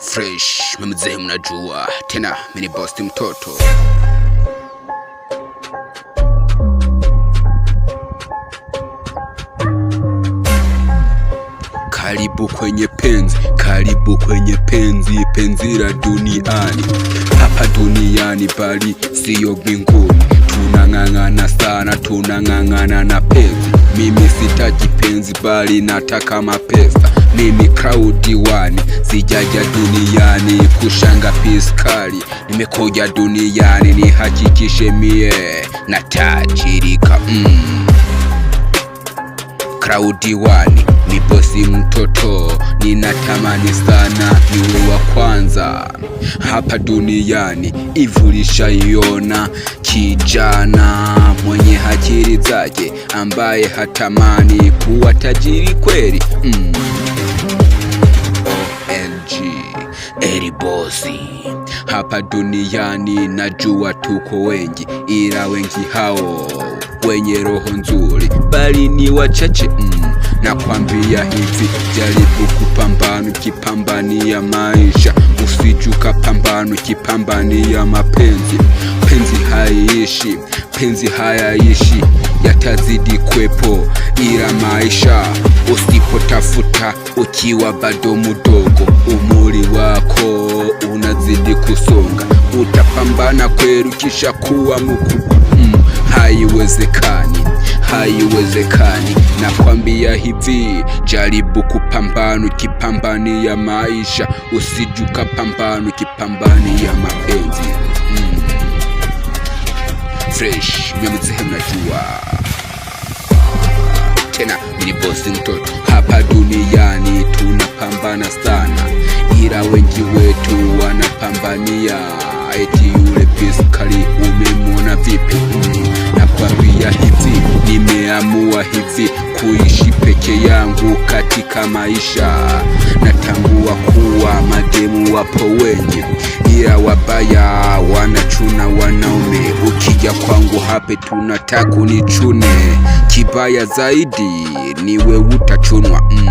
fresh mamzee, mnajua tena mini bosti mtoto Karibu kwenye penzi, karibu kwenye penzi, penzi la duniani hapa duniani, bali siyo mbinguni. Tunang'ang'ana sana, tunang'ang'ana na pezi Mimi sitaji penzi, bali nataka mapesa. Mimi crowd diwani, sijaja duniani kushanga piskali, nimekuja duniani nihakikishe mie natajirika mm. Mara udiwani nipo si mtoto, ninatamani sana niwe wa kwanza hapa duniani, yona kijana mwenye akili zake, ambaye hatamani kuwa tajiri kweli mm. OLG Elibosi hapa duniani najua tuko wengi, ila wengi hao wenye roho nzuri, bali ni wachache mm. Nakwambia hivi, jaribu kupambana, kipambania maisha, usijuka kipambani kipambania mapenzi. Penzi haiishi, penzi hayaishi, yatazidi kwepo, ila maisha usipotafuta ukiwa bado mudogo, umuri wako unazidi kusonga, utapambana kweli, kisha kuwa mkubwa mm haiwezekani, haiwezekani. Nakwambia hivi, jaribu kupambana, kipambani ya maisha, usijuka pambano, kipambani ya mapenzi mm. Fresh Nyamitsehemu mnajua tena, ni bosi mtoto hapa duniani, tunapambana sana, ila wengi wetu wanapambania eti yule piskali ume unaona vipi? Nakwambia hivi, nimeamua hivi kuishi peke yangu katika maisha. Natambua kuwa mademu wapo wengi, ila wabaya wanachuna wanaume. Ukija kwangu hape, tunataka kunichune. Kibaya zaidi, wewe utachunwa mm.